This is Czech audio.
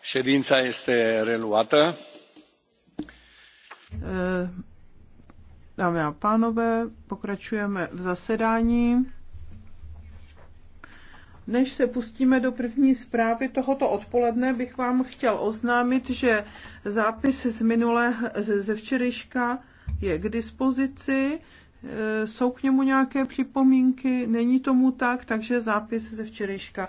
ședința este reluată. Dámy a pánové, pokračujeme v zasedání. Než se pustíme do první zprávy tohoto odpoledne, bych vám chtěl oznámit, že zápis z minulé, ze včerejška je k dispozici. E, jsou k němu nějaké připomínky? Není tomu tak, takže zápis ze včerejška